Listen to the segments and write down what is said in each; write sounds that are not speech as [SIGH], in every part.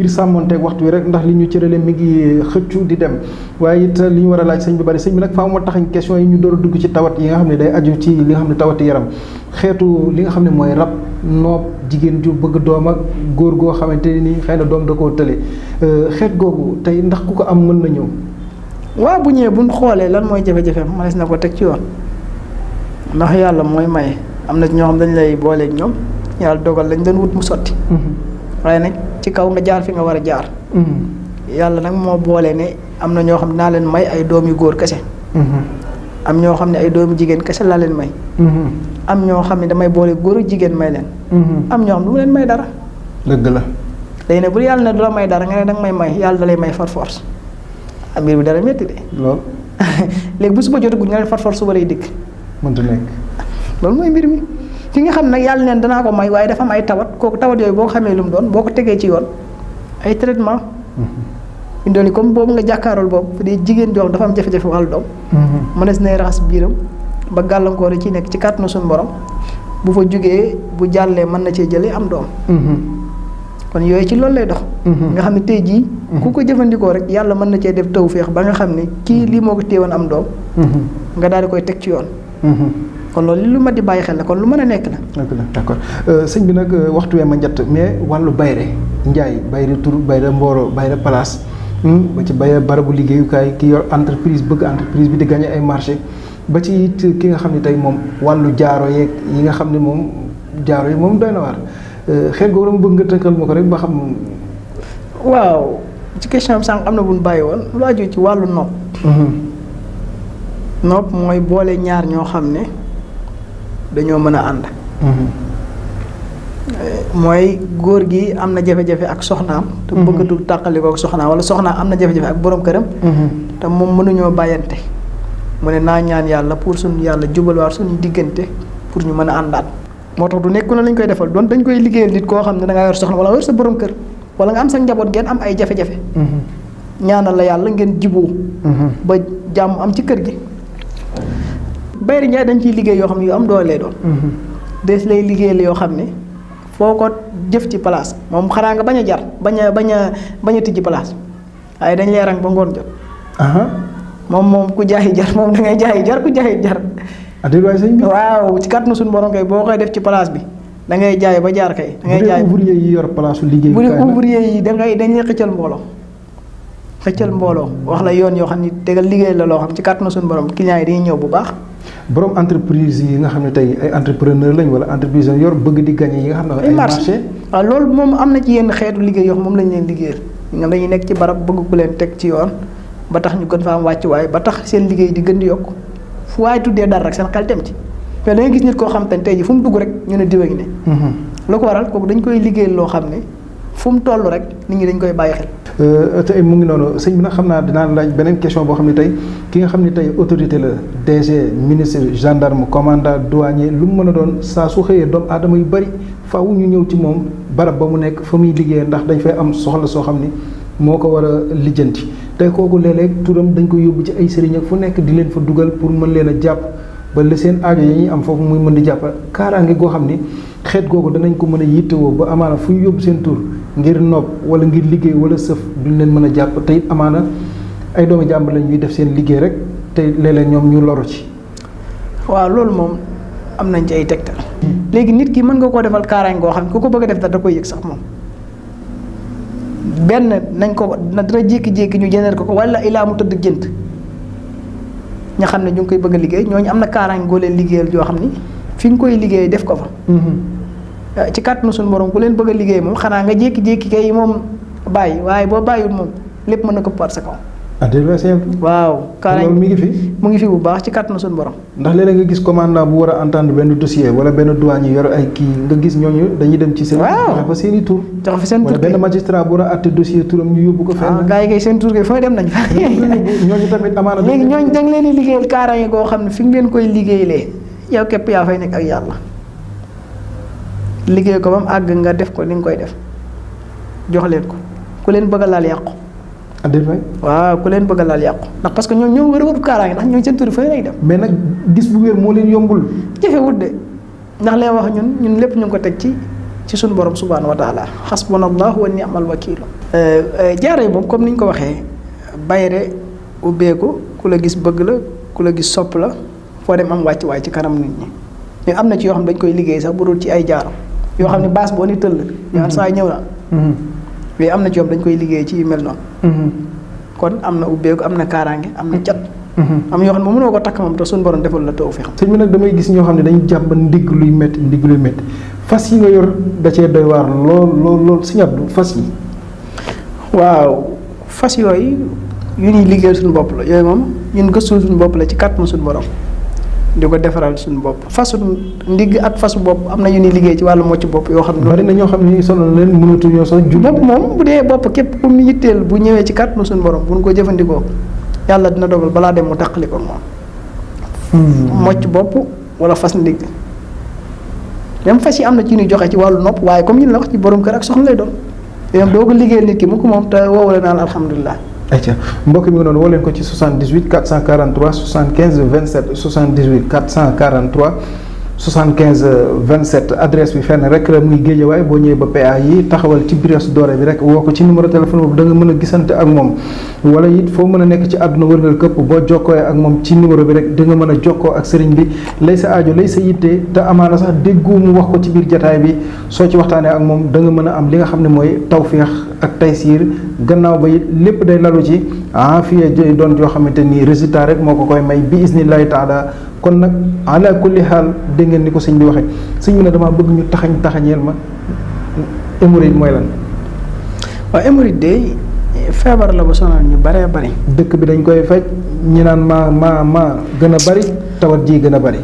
ngir sàmmonteeg waxtu wi rek ndax li ñu cërale mi ngi xëccu di dem waaye it li ñu war a laaj sëñ bi bari sëñ bi nag faaw moo taxañ question yi ñu door a dugg ci tawat yi nga xam ne day aju ci li nga xam ne tawati yaram xeetu li nga xam ne mooy rab noob jigéen ju bëgg doom ak góor goo xamante ni xëy na doom da koo tële euh, xeet googu tey ndax ku ko am mën na ñëw. waaw bu ñëwee bu ñu xoolee lan mooy jafe-jafe mënees na ko teg ci yoon ndax yàlla mooy may am na ñoo xam dañ lay booleek ñoom yàlla dogal lañ doon wut mu sotti mm-hmm. waaye nag ci kaw nga jaar fi nga wara jaar hmm yalla nak mo boole ne amna na xamna xam may ay doomi goor kesse hmm am ño xamne ay doomi jigen kesse la len may mm-hmm. am ño xamne damay boole goor jigen may hmm am ño xam len may dara deug la léegi nag bu ne may dara nga ne may may yalla dalay may far force ah, mbir bi dara metti de lol leg [LAUGHS] bu suba jotaguñ gu ñal far force suba dik mën mënta nek [LAUGHS] lol moy mbir mi ki nga xam nag yàlla neen danaa ko may waaye dafa am ay tawat kooku tawat yooyu boo xamee lu mu doon boo ko tegee ci yoon ay traitement indoon mm-hmm. yi comme boobu nga jàkkaarool boobu di jigéen joom dafa am jafe-jafe wàllu doom mënees mm-hmm. nay raxas biiram ba gàllankoor yi ci nekk ci kàttanu suñu borom bu fa jógee bu jàllee mën na cee jëlee am doom mm-hmm. kon yooyu ci loolu lay dox nga xam ne tey jii ku ko jëfandikoo rek yàlla mën na cee def tawféex ba nga xam ne kii lii moo ko téewoon am doom nga daal di koy teg ci yoon kon loolu lu ma di bàyyi xel la kon lu mën a nekk la. d' accord euh, sëñ bi nag euh, waxtu wee ma njëtt mais wàllu bayre njaay bayre tur bayre mbooro bayre place hmm, ba ci bayre barabu liggéeyukaay ki yor entreprise bëgg entreprise bi di gagné ay marché ba ci it ki nga xam ne tey moom wàllu jaaro yeeg yi nga xam ne moom jaaro yi moom doy na waar xel googu mu bëgg nga tënkal ma ko rek ba xam. waaw ci question am sànq am na bu bàyyi woon lu aju ci wàllu nopp. Mm-hmm. mooy boole ñaar ñoo xam ne. dañoo mën a ànd. Mhm. mooy góor gi am na jafe-jafe ak soxnaam. te mhm. bëggatul tàqali ko soxnaam wala soxnaam am na jafe-jafe ak boroom këram. Mhm. te moom mënuñoo bàyyante. mu ne naa ñaan yàlla pour suñu yàlla jubalwaar suñu diggante pour ñu mën a àndaat. moo tax du nekku na lañ koy defal doon dañ koy liggéeyal nit koo xam ne da ngaa yor soxna wala yor sa borom kër wala nga am sa njaboot ngeen am ay jafe-jafe. ñaanal la yàlla ngeen jiboo ba jàmm am ci kër gi. bayri njaay dañ ciy liggéey yoo xam yu am doole lay doon mhm. des lay liggéeyal yoo xam ne foo ko jëf ci place moom xanaa nga bañ a jar bañ a bañ a bañ a tijji place waaye dañ lay rang ba ngoon jot moom moom ku jaayi jar moom da ngay jaayi jar ku jaayi jar adéway sëñ bi waaw ci kàttanu suñu borom kay boo koy def ci place bi da ngay jaay ba jaar kay da ngay jaay ouvrier yi yor place liggéey bu dee ouvrier yi da ngay dañ lay xëccal mbooloo xëccal mbooloo wax la yoon yoo xam ni tegal liggéey la loo xam ci kàttanu suñu borom client yi dañuy ñëw bu baax. borom entreprise yi nga xam ne tey ay entrepreneur lañ wala entreprise lañ yor bëgg di gagné yi nga xam ne. ay marché waaw loolu moom am na ci yenn xeetu liggéey yoo xam moom lañ leen liggéeyal ñoom dañuy nekk ci barab bëgg ku leen teg ci yoon ba tax ñu gën fa am waaye ba tax seen liggéey di gën di yokku fu waaye tuddee dara rek seen xel dem ci mais koo xam te ne tey ji fu mu dugg rek ñu ne diwa ngi ne. Mhm. lu ko waral kooku dañ koy liggéeyal loo xam ne fu mu toll rek nit ñi dañ koy bàyyi Euh, te eh, mu ngi noonu sëñ bi na xam naa dinaa laaj beneen question boo xam ne tey ki nga xam ne tey autorité la DG ministre gendarme commandant douanier lu mu mën a doon saa su xëyee doomu aadama yu bari faaw ñu ñëw ci moom barab ba mu nekk fa muy liggéeyee ndax dañ fay am soxla soo xam ni moo ko war a lijjanti te kooku léeg turam dañ koy yóbbu ci ay sëriñ ak fu nekk di leen fa dugal pour mën leen a jàpp ba la seen aajo yi ñuy am foofu muy mën di jàpp kaaraange goo xam ni xeet googu danañ ko mën a yittewoo ba amaana fu ñu yóbbu seen tur ngir nopp wala ngir liggéey wala sëf duñ leen mën a jàpp tey amaana ay doomu jàmb lañ ñuy def seen liggéey rek te léeg-léeg ñoom ñu loru ci. waaw loolu moom am nañ ci ay tegtal. léegi nit ki mën nga koo defal kaaraange goo xam ne ku ko bëgg def dara da koy yëg sax moom. benn nañ ko na dara jékki-jékki ñu jeneen ko ko wala ilaa mu tëdd jënt ña xam ne ñu ngi koy bëgg a liggéey ñooñu am na kaaraange goo leen liggéeyal joo xam ni fi nga koy liggéey def ko fa. Mm-hmm. Eh, ci kàttanu suñu borom ku leen bëgg a liggéey moom xanaa nga jékki-jékki kay moom bàyyi waaye boo bàyyiwul moom lépp mën na ko par sa kaw. waaw kaaraange mi ngi fi mu ngi fi bu baax ci kàttanu suñu borom ndax léeg-léeg nga gis commandant bu war a entendre benn dossier wala benn douane yor ay kii nga gis ñooñu dañuy dem ci seen joxe fa seen i tur joxe fa seen tur benn magistrat bu war a atte dossier turam ñu yóbbu ko fenn ah, gars yi kay seen tur [LAUGHS] léegi ñooñu da nga leen di liggéeyal kaaraange xam ne fi nga leen koy liggéeyalee yow fay nekk ak yàlla liggéey ko ba mu àgg nga def ko li koy def jox ko ku leen bëgg a laal yàqu. adil waay waaw ku leen bëgg a laal yàqu ndax parce que ñoom ñoo wër wër kaaraange ndax ñoom seen turi fële lay dem. mais nag gis bu wér moo leen yombul. jafewut de ndax leen wax ñun ñun lépp ñu ngi ko teg ci ci suñu borom subhaanahu wa taala wa ni'mal euh, euh, comme ko waxee bayre ubbeeku ku la gis bëgg la ku la gis la dem am nit ñi na ci yoo xam dañ koy liggéey sax bu dul ci ay jaaram. yoo xam ne base boo ni tëll ñu naan saa ñëw na mm-hmm. mais am na ci dañ koy liggéey ci yu mel noonu mm-hmm. kon am na ubbeeku am na kaaraange am na cat mm-hmm. am yoo xam ne moom mënoo ko takk moom te suñu borom defal la taw fi xam sëñ bi ñoo xam ne dañu jàpp ndigg luy métti ndigg luy fas yi nga yor da cee doy waar lool lool lool sëñ Abdou fas yi waaw fas yooyu yu ñuy liggéeyal suñu bopp la yooyu moom ñun gëstul suñu bopp la ci kàttan suñu borom di ko defaral suñu bopp fasu ndigg ak fasu bopp am na ñu ni liggéey ci wàllu mocc bopp yoo xam ne bari na ñoo xam ne ñu solo leen mënatu ñoo sax ju bopp moom bu dee bopp képp ku mu yitteel bu ñëwee ci kàttanu suñu borom bu ñu ko jëfandikoo yàlla dina dogal balaa dem mu taqali ko moom hmm. mocc bopp wala fas ndigg même fas yi am na ci ñuy joxe ci wàllu nopp waaye comme ñu la wax ci borom kër ak soxna lay doon doo ko liggéeyal nit ki mu moom te woowale naa alhamdulilah ayca mbokk mi ngi noonu woo leen ko ci 78 443 75 27 78 443. 75 27 adresse bi fenn rek muy waaye boo ñëwee ba PA yi taxawal ci Brioche Dorée bi rek woo ko ci numéro téléphone boobu da nga mën a gisante ak moom wala it foo mën a nekk ci àdduna wërngal këpp boo jokkoo ak moom ci numéro bi rek da mën a jokkoo ak sëriñ bi lay sa aajo lay sa yitte te amaana sax déggu mu wax ko ci biir jataay bi soo ci waxtaanee ak moom danga mën a am li nga xam ne mooy tawféex ak taysiir gannaaw ba it lépp day lalu ci afiya ah, jëy don don xamante ni résultat rek moko koy may bi isnillahi taala kon nak ala kulli hal de ngeen ni ko sëñ bi waxe sëñ bi ne dama bëgg ñu taxañ taxañel ma emourid moy lan wa emourid de febar la bo sonal ñu bare bari dekk bi dañ koy fajj ñi naan ma ma ma gëna bari tawat ji gëna bari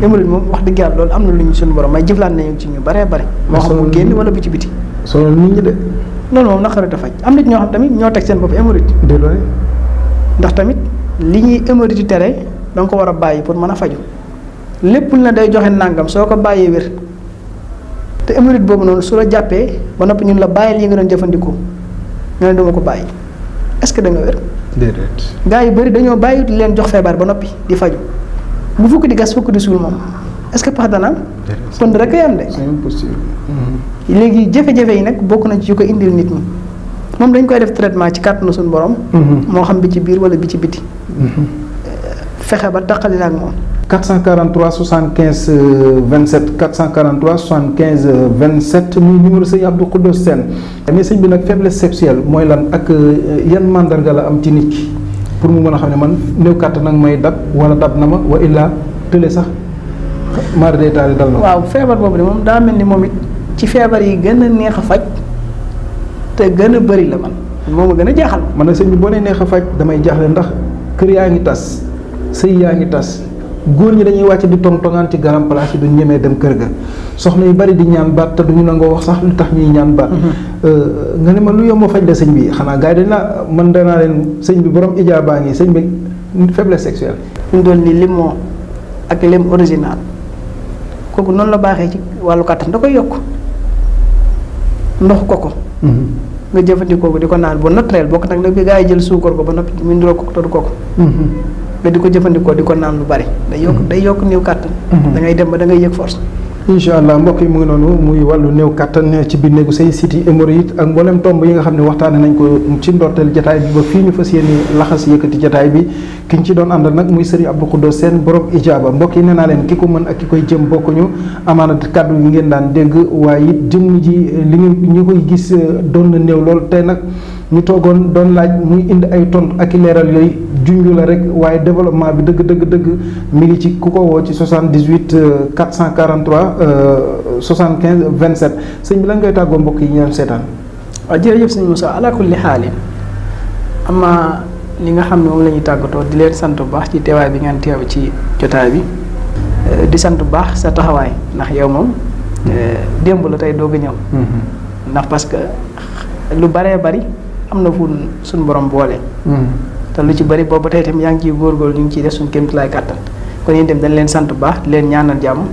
emourid hmm. mom wax dëgg yàlla lool amna luñu suñu borom may jëflaan nañu ci ñu bare bari mo xam mu wala bi ci biti sonal nit ñi de loolu moom na naqaru dafa am nit ñoo xam tamit ñoo teg seen bopp hémorroïde ndax tamit li ñuy hémorroïde di tere da ko war a bàyyi pour mën a faju lépp lu ne day joxe nàngam soo ko bàyyee wér te hémorroïde boobu noonu su la jàppee ba noppi ñun la bàyyi lii nga jëfandikoo nga ne ko bàyyi est-ce que da nga wér. bëri dañoo bàyyiwut leen jox feebar ba noppi di faju bu fukk di gas fukk di suul moom est-ce que pax dana. kon rek a yam de. léegi jafe-jafe yi nag bokk nañ ci ko indil nit ñi moom dañ koy def traitement ci kàttanu suñu borom. Mm-hmm. moo xam bi ci biir wala bi ci biti. Mm-hmm. Eh, fexe ba taqali la ak moom. 443 75 27 443 75 27 muy numéro sëñ Abdou Khoudoss Sène mais sëñ bi nag faiblesse sexuelle mooy lan ak euh, yan mandarga la am ci nit ki pour mu mën a xam ne man néew kàttan nag may dab wala dab na ma wa illaa tële sax maar day taal dal na. waaw feebar boobu de moom daa mel ni moom it. ci feebar yi gën a neex a faj te gën a bari la man moom a gën a jaaxal. man na sëñ bi boo nee neex a faj damay jaaxle ndax kër yaa ngi tas sëy yaa ngi tas góor ñi dañuy wàcc di tong tongaan ci garam place yi duñ ñemee dem kër ga soxna yu bari di ñaan baat te du duñu nangoo wax sax lu tax ñuy ñaan baat. Mm-hmm. Euh, nga ne ma lu yomb faj la sëñ bi xanaa gars yi naa man danaa leen sëñ bi borom baa ngi sëñ bi faiblesse sexuelle. ñu doon ni limon ak lem original kooku noonu la baaxee ci wàllu kàttan da koy yokk. ndox koko mhm. nga jëfandikoo ko di ko naan bu naturel bokk nag nag bi gaa yi jël suukar ko ba noppi mu niroo ko todu koko mhm. nga di ko jëfandikoo di ko naan lu bari day yokk mhm. day yokk niw kàttan da dem ba da yëg force incha allah mbokk yi mu ngi noonu muy wàllu néew kattan ci biir néegu say siti hémorroïde ak mboolem tomb yi nga xam ne waxtaane nañ ko ci ndorteel jataay bi ba fii ñu fas yéene laxas yëkkati jataay bi ki ñu ci doon àndal nag muy sëriñ Abdou Khoudoss Sène borom ijaaba mbokk yi nee naa leen ki ko mën ak ki koy jëm bokkuñu amaana kàddu yi ngeen daan dégg waaye it jëmm ji li ngeen ñu koy gis eh, doon na néew lool tey nag ñu toogoon doon laaj muy indi ay tontu ak i leeral yooyu junju la rek waaye développement bi dëgg dëgg dëgg mi ngi ci ku ko woo ci 78 443 eh, 75 27 sëñ bi lan ngay tàggoo mbokk yi ñu seetaan. waaw jërëjëf sëñ Moussa ala kulli xaalin ama li nga xam ne moom la ñuy tàggatoo di leen sant bu baax ci teewaay bi ngeen teew ci jotaay bi eh, di sant bu baax sa taxawaay ndax yow moom eh, démb la tey doog ñëw. Mm-hmm. ndax parce que lu baree bari am na fu suñu borom boole. Mm-hmm. te lu ci bari boobu tey tam yaa ngi ciy góorgóorlu ñu ngi ciy def suñu laay kàttan kon yéen dem dañ leen sant bu baax di leen ñaanal jàmm.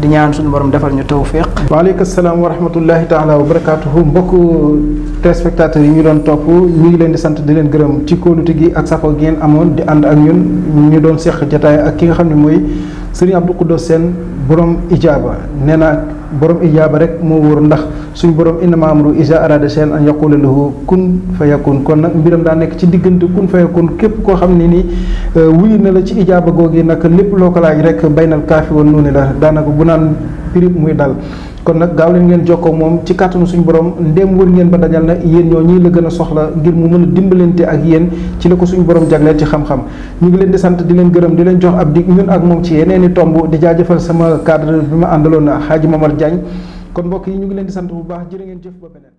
di ñaan suñu borom defal ñu tawfiq waaleykum salaam wa rahmatullahi taala wa barakaatuhu mbokku téléspectateurs yi ñu doon topp ñu ngi leen di sant di leen gërëm ci kóolute gi ak safo gi amoon di ànd ak ñun ñu doon seq jataay ak ki nga xam ne mooy Serigne Abdou Khoudoss Sène borom ijaaba nee na borom ijaaba rek moo wóor ndax suñ borom innama amru iza arada shay'an an yaqula lahu kun fayakun kon nag mbiram daa nekk ci diggante kun fayakun képp koo xam ne nii euh, wuyu na la ci ijaaba googu nag lépp loo ko laaj rek baynal kaafi woon noonu la daanaka bu naan pirip muy dal. kon nag gaaw leen ngeen ko moom ci kàttanu suñu borom ndéem wër ngeen ba dajal na yéen ñoo ñii la gën a soxla ngir mu mën a dimbalante ak yéen ci la ko suñu borom jagleel ci xam-xam ñu ngi leen di sant di leen gërëm di leen jox ab dig ñun ak moom ci yeneen i tomb di jaajëfal sama cadre bi ma àndaloon Hadji Momar Diagne kon mbokk yi ñu ngi leen di sant bu baax jërë ngeen jëf ba beneen